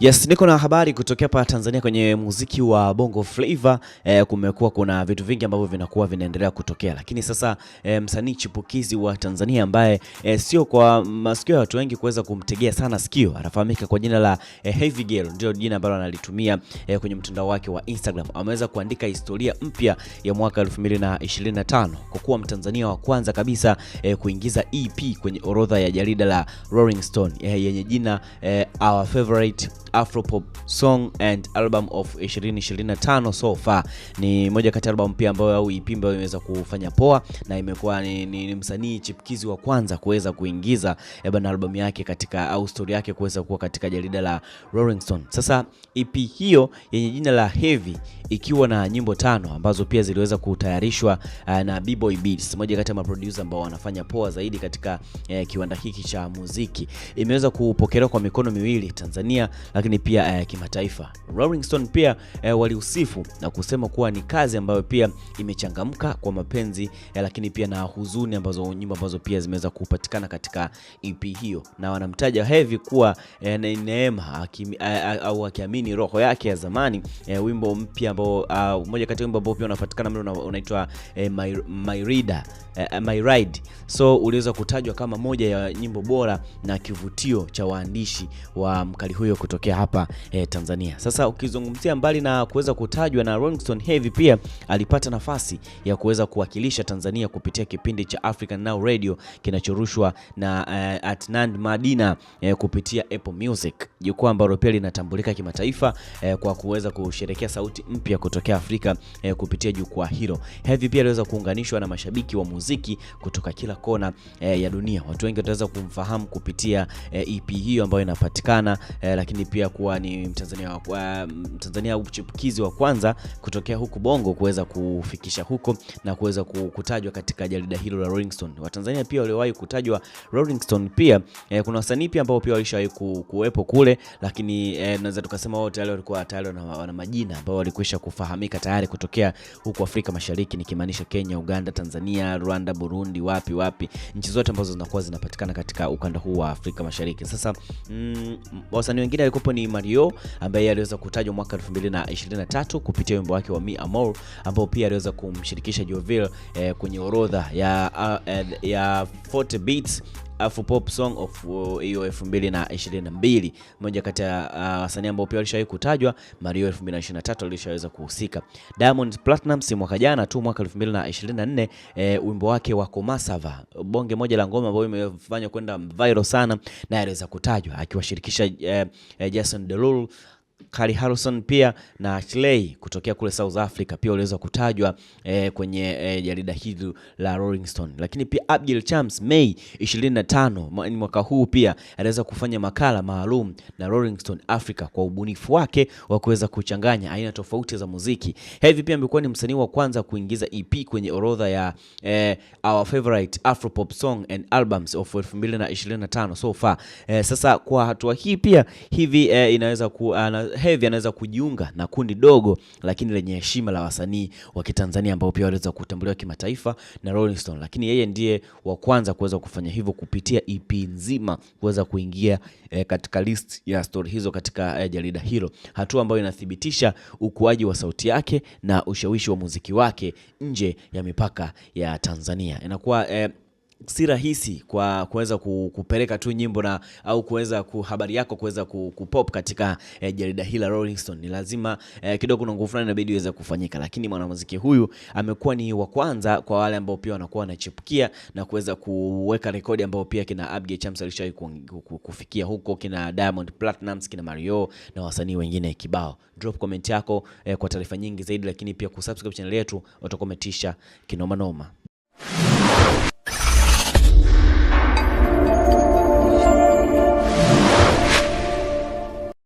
Yes, niko na habari kutokea hapa Tanzania kwenye muziki wa Bongo Flava. E, kumekuwa kuna vitu vingi ambavyo vinakuwa vinaendelea kutokea, lakini sasa e, msanii chipukizi wa Tanzania ambaye e, sio kwa masikio ya watu wengi kuweza kumtegea sana sikio, anafahamika kwa jina la e, Heavy Girl, ndio jina ambalo analitumia e, kwenye mtandao wake wa Instagram. Ameweza kuandika historia mpya ya mwaka 2025 kwa kuwa Mtanzania wa kwanza kabisa e, kuingiza EP kwenye orodha ya jarida la Rolling Stone e, yenye jina e, Our Favorite Afropop song and album of 2025 so far. Ni moja kati ya albamu pia ambayo au EP ambayo imeweza kufanya poa na imekuwa ni, ni, ni msanii chipkizi wa kwanza kuweza kuingiza eh, na albamu yake katika au story yake kuweza kuwa katika jarida la Rolling Stone. Sasa EP hiyo yenye jina la Heavy ikiwa na nyimbo tano ambazo pia ziliweza kutayarishwa uh, na B-Boy Beats, moja kati ya maproducer ambao wanafanya poa zaidi katika uh, kiwanda hiki cha muziki, imeweza kupokelewa kwa mikono miwili Tanzania lakini lakini pia eh, kimataifa. Rolling Stone pia eh, walihusifu na kusema kuwa ni kazi ambayo pia imechangamka kwa mapenzi eh, lakini pia na huzuni ambazo nyimbo ambazo pia zimeweza kupatikana katika EP hiyo, na wanamtaja Heavy kuwa eh, neema au akiamini roho yake ya zamani. Eh, wimbo mpya ambao mmoja uh, kati ya wimbo ambao pia unapatikana mbele unaitwa eh, my, my reader eh, eh, my ride, so uliweza kutajwa kama moja ya nyimbo bora na kivutio cha waandishi wa mkali huyo kutoka kutokea hapa eh, Tanzania. Sasa ukizungumzia mbali na kuweza kutajwa na Stone, Heavy, pia alipata nafasi ya kuweza kuwakilisha Tanzania kupitia kipindi cha African Now Radio kinachorushwa na eh, Atnand Madina eh, kupitia Apple Music, jukwaa ambalo pia linatambulika kimataifa eh, kwa kuweza kusherekea sauti mpya kutokea Afrika eh, kupitia jukwaa hilo. Heavy pia aliweza kuunganishwa na mashabiki wa muziki kutoka kila kona eh, ya dunia. Watu wengi wataweza kumfahamu kupitia eh, EP hiyo ambayo inapatikana eh, lakini pia kuwa ni Mtanzania wa, Mtanzania mchipukizi wa kwanza kutokea huku Bongo kuweza kufikisha huko na kuweza kutajwa katika jarida hilo la Rolling Stone. Watanzania pia waliowahi kutajwa Rolling Stone pia eh, kuna wasanii pia ambao pia walishawahi kuwepo kule, lakini tunaweza eh, naweza tukasema wao tayari walikuwa tayari wana majina ambao walikwisha kufahamika tayari kutokea huku Afrika Mashariki, nikimaanisha Kenya, Uganda, Tanzania, Rwanda, Burundi, wapi wapi, nchi zote ambazo zinakuwa zinapatikana katika ukanda huu wa Afrika Mashariki. Sasa mm, wasanii wengine walikuwa hapo ni Mario ambaye aliweza kutajwa mwaka 2023 kupitia wimbo wake wa Mi Amor ambao pia aliweza kumshirikisha Jovil eh, kwenye orodha ya, uh, ya 40 beats pop Song of uh, hiyo 2022, mmoja kati ya uh, wasanii ambao pia walishawahi kutajwa Mario 2023 alishaweza kuhusika. Diamond si mwaka jana tu mwaka 2024, 24 eh, wimbo wake wa Komasava, bonge moja la ngoma ambayo imefanywa kwenda viral sana, naye aliweza kutajwa akiwashirikisha e, e, Jason Derulo Kari Harrison pia na Ashley kutokea kule South Africa pia waliweza kutajwa eh, kwenye eh, jarida hili la Rolling Stone. Lakini pia Abdul Chams Mei 25 mwaka huu pia aliweza kufanya makala maalum na Rolling Stone Africa kwa ubunifu wake wa kuweza kuchanganya aina tofauti za muziki. Hivi pia amekuwa ni msanii wa kwanza kuingiza EP kwenye orodha ya eh, our favorite Afropop song and albums of 2025 so far. Eh, sasa kwa hatua hii pia hivi eh, inaweza ku, ana, Heavy anaweza kujiunga na kundi dogo lakini lenye heshima la wasanii wa Kitanzania ambao pia waliweza kutambuliwa kimataifa na Rolling Stone, lakini yeye ndiye wa kwanza kuweza kufanya hivyo kupitia EP nzima kuweza kuingia eh, katika list ya stori hizo katika eh, jarida hilo, hatua ambayo inathibitisha ukuaji wa sauti yake na ushawishi wa muziki wake nje ya mipaka ya Tanzania. Inakuwa eh, si rahisi kwa kuweza kupeleka tu nyimbo na au kuweza habari yako kuweza kupop katika eh, jarida hili la Rolling Stone. Ni lazima eh, kidogo kuna nguvu fulani inabidi iweze kufanyika, lakini mwanamuziki huyu amekuwa ni wa kwanza kwa wale ambao pia wanakuwa wanachipukia na kuweza kuweka rekodi ambao pia kina Abigail Chams alishawahi kufikia huko, kina Diamond Platnumz, kina Mario na wasanii wengine kibao. Drop comment yako eh, kwa taarifa nyingi zaidi, lakini pia kusubscribe channel yetu utakometisha kinoma noma.